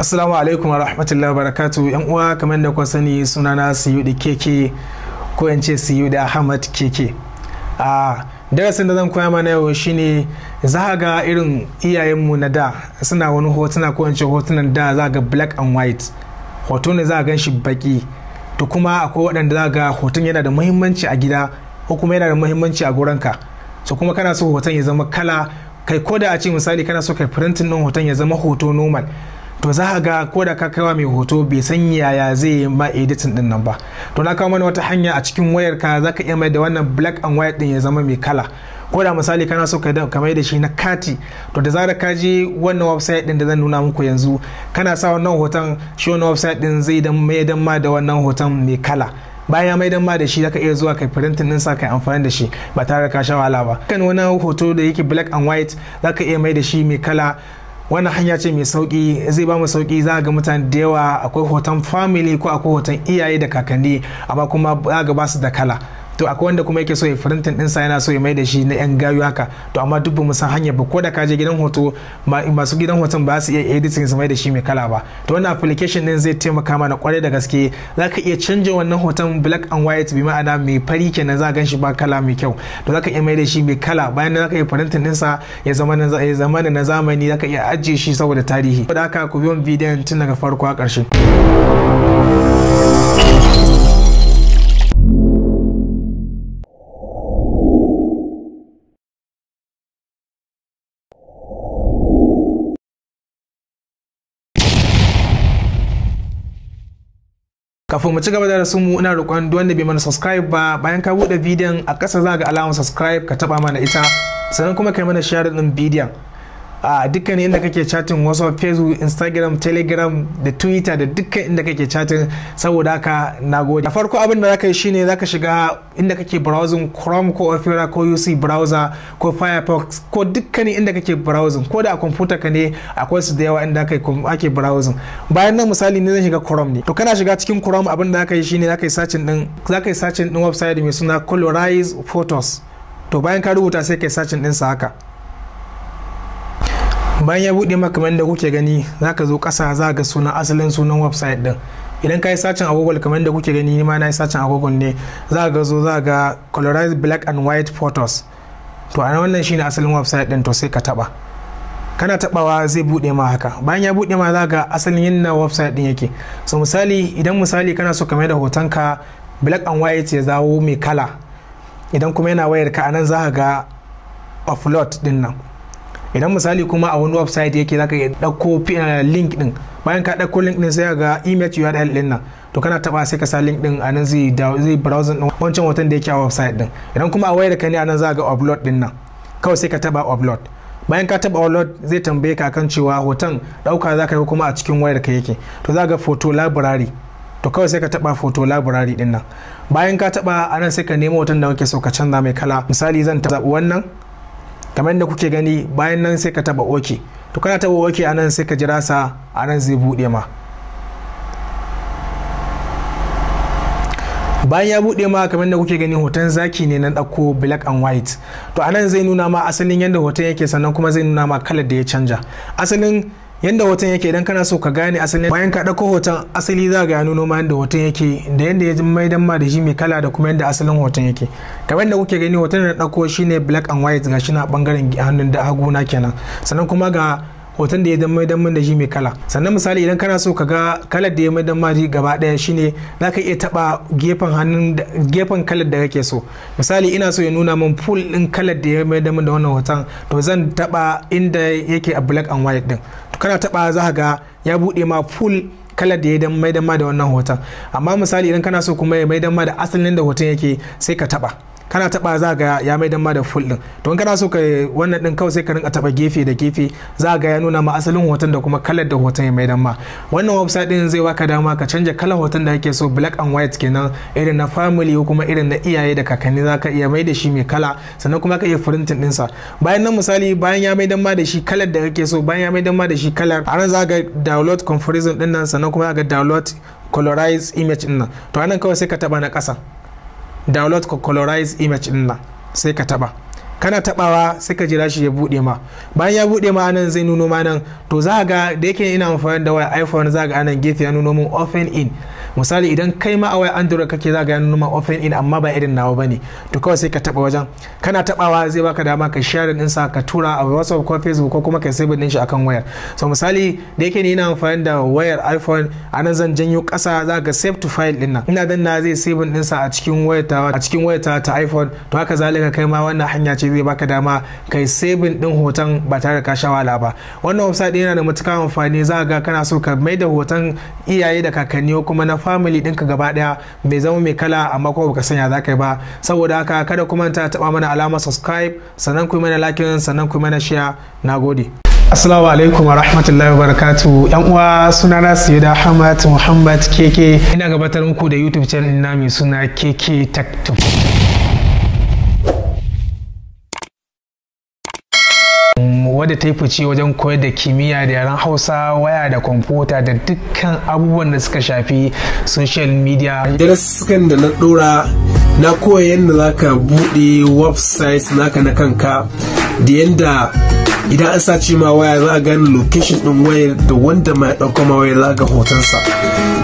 Assalamu alaikum wa rahmatullahi barakatu yan uwa kamar da kwa sani sunana Siyudi Keke ko in ce Siyudi Ahmad Keke. A darasin da zan koya mana yau shine za ga irin iyayenmu na da suna wani hotuna ko in ce hotunan da za ga black and white hoto ne za gan shi baki to kuma akwai waɗanda za ga hoton yana da muhimmanci a gida ko kuma yana da muhimmanci a gurinka to kuma kana so hoton ya zama kala kai ko da a ce misali kana so kai printin ɗin hoton ya zama hoto normal to za a ga ko da ka kaiwa mai hoto bai san yaya zai ma editing din nan ba to na kawo mana wata hanya a cikin wayar ka za ka iya mai da wannan black and white din ya zama mai kala ko da misali kana so ka mai da shi na kati to da zarar ka je wannan website din da zan nuna muku yanzu kana sa wannan hoton shi wannan website din zai dan mai dan ma da wannan hoton mai kala bayan mai dan ma da shi zaka iya zuwa kai printing din sa kai amfani da shi ba tare ka sha wahala ba kan wani hoto da yake black and white zaka iya mai da shi mai kala wannan hanya ce mai sauki zai ba mu sauki za ga mutane da yawa akwai hoton family ko akwai hoton iyaye da kakanni amma kuma za ga ba su da kala to akwai wanda kuma yake so ya firintin ɗinsa yana so ya mai da shi na yan gayu haka to amma duk ba san hanyar ba ko da ka je gidan hoto masu gidan hoton ba su iya editing su mai da shi mai kala ba to wannan application din zai taimaka mana kwarai da gaske za ka iya canja wannan hoton black and white bi ma'ana mai fari kenan za gan shi ba kala mai kyau to za ka iya mai da shi mai kala bayan za ka iya firintin ɗinsa ya zama na zamani za ka iya ajiye shi saboda tarihi. Da haka ku biyo bidiyon tun daga farko a ƙarshe. kafin mu ci gaba da mu ina roƙon duk wanda bai mana subscribe ba bayan ka buɗe bidiyon a ƙasa za ga alamar subscribe ka taɓa mana ita sannan kuma kai mana share din bidiyon a dukkan inda kake chatin whatsapp facebook instagram telegram da twitter da dukkan inda kake chatin saboda haka nagode da farko abin da zaka yi shine zaka shiga inda kake browsing chrome ko opera ko uc browser ko firefox ko dukkan inda kake browsing ko da a computer ka ne akwai su da yawa inda kake browsing bayan nan misali ne zan shiga chrome ne to kana shiga cikin chrome abin da zaka yi shine zaka yi searching din zaka yi searching din website mai suna colorize photos to bayan ka rubuta sai kai searching din sa haka bayan ya buɗe maka kamar da kuke gani zaka zo ƙasa za ga sunan asalin sunan website ɗin idan ka yi sacin agogon kamar da kuke gani ma na yi sacin agogon ne za ga zo za ga colorized black and white photos to a wannan shine asalin website din to sai ka taɓa. kana tabawa zai buɗe ma haka bayan ya bude ma za ga asalin yadda website din yake so misali idan misali kana so kamar mai da hotonka black and white ya zawo mai kala idan kuma yana wayar ka anan za ga offload din nan idan misali kuma a wani website yake zaka iya dauko eh, link din bayan ka dauko link din sai ga image URL din nan to kana taba sai ka sa link din anan zai zai browsing din wancan hoton da yake a website din idan kuma a wayar ka ne anan za ga upload din nan kawai sai ka taba upload bayan ka taba upload zai tambaye ka kan cewa hoton dauka zaka yi kuma a cikin wayar ka yake to zaka ga photo library to kawai sai ka taba photo library din nan bayan ka taba anan sai ka nemo hoton da kake so ka canza mai kala misali zan taba wannan kamar da kuke gani bayan nan sai ka taba oke to kana taba oke a nan sai ka jira sa a nan zai buɗe ma bayan ya buɗe ma kamar da kuke gani hoton zaki ne na ɗauko black and white to a nan zai nuna ma asalin yadda hoton yake sannan kuma zai nuna ma kalar da ya canja asalin yadda hoton yake idan kana so ka gane asali bayan ka ɗauko hoton asali za ga ya nuno ma yadda hoton yake da yadda ya mai dan ma da shi mai kala da kuma yadda asalin hoton yake kamar yadda kuke gani hoton da na ɗauko shine black and white ga shi na ɓangaren hannun da hagu na kenan sannan kuma ga hoton da ya dan maidan mun da shi mai kala sannan misali idan kana so ka ga kalar da ya maidan mari gaba daya shine zaka iya taba gefen hannun gefen kalar da kake so misali ina so ya nuna min full din kalar da ya maidan mun da wannan hoton to zan taba inda yake a black and white din kana taba za ka ga ya bude ma full kalar da ya dan maidan ma da wannan hoton amma misali idan kana so kuma ya maidan ma da asalin da hoton yake sai ka taba kana taba za ga ya mai dan ma da full din to kana so ka wannan din kawai sai ka rinka taba gefe da gefe za ga ya nuna ma asalin hoton da kuma kalar da hoton ya mai dan ma wannan website din zai baka dama ka canja kalar hoton da kake so black and white kenan irin na family ko kuma irin na iyaye da kakanni za ka iya mai da shi mai kala sannan kuma ka iya printing din sa bayan nan misali bayan ya mai dan ma da shi kalar da kake so bayan ya mai dan ma da shi kalar a nan za ga download comparison din nan sannan kuma ga download colorize image din nan to anan kawai sai ka taba na kasa. download ko colorize image din nan sai ka taba kana tabawa sai ka jira shi ya buɗe ma bayan ya buɗe ma anan zai nuno ma nan to za ga da yake ina amfani da waya iphone za ga anan gefe ya nuno min open in misali idan kai ma a waya android kake za ga ya nuno min open in amma ba irin nawa bane to kawai sai ka taba wajen kana tabawa zai baka dama ka share din sa ka tura a whatsapp ko facebook ko kuma ka save din shi akan wayar so misali da yake ni ina amfani da wayar iphone anan zan janyo kasa za ga save to file din nan ina danna zai save din sa a cikin wayata a cikin wayata ta iphone to haka zalika kai ma wannan hanya ce zai baka dama kai sabin din hoton ba tare da ka sha ba wannan website yana da matuƙar amfani za ga kana so ka mai da hoton iyaye da kakanni kuma na family ɗinka gaba ɗaya mai zama mai kala amma kuma baka sanya za ka yi ba saboda haka kada kuma ta taba mana alama subscribe sannan ku mana like sannan ku mana share nagode Assalamu alaikum wa rahmatullahi wa Yan uwa suna na sunana da Hamad Muhammad Keke. Ina gabatar muku da YouTube channel na mai suna Keke Tech wadda ta yi fice wajen koyar da kimiyya da yaren hausa waya da kwamfuta da dukkan abubuwan da suka shafi social media darasukan da na dora na koya yadda za ka buɗe website naka na kanka da yadda idan an sace ma waya za a gane location din wayar da wanda mai dauka ma waya laga ga hotonsa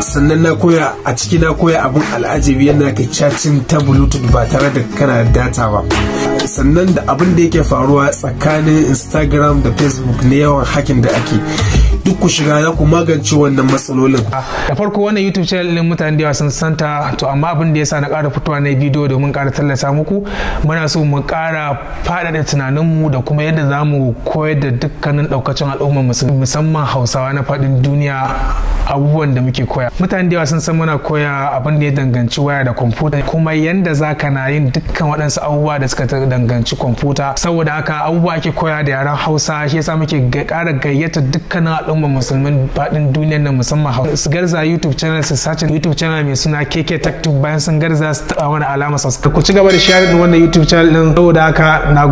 sannan na koya a ciki na koya abin al'ajabi yana ka chatting ta bluetooth ba tare da kana data ba sannan da abin da yake faruwa tsakanin instagram da facebook na yawan hakin da ake duk ku shiga za ku magance wannan matsalolin. Da farko wannan YouTube channel ɗin mutane da yawa sun santa to amma abin da yasa na ƙara fitowa na bidiyo domin ƙara tallata muku muna so mu ƙara faɗaɗa tunaninmu da kuma yadda za mu koyar da dukkanin ɗaukacin al'umma musamman Hausawa na faɗin duniya abubuwan da muke koya. Mutane da yawa sun san muna koya abin da ya danganci waya da kwamfuta kuma yadda za ka na yin dukkan waɗansu abubuwa da suka danganci kwamfuta saboda haka abubuwa ake koya da yaren Hausa shi yasa muke ƙara gayyata dukkanin al'umma al'umma musulmin faɗin duniyar nan musamman hausa su garza youtube channel su sace youtube channel mai suna kk tech bayan sun garza su taɓa wani alama sosai ku ci gaba da share wannan youtube channel din saboda haka na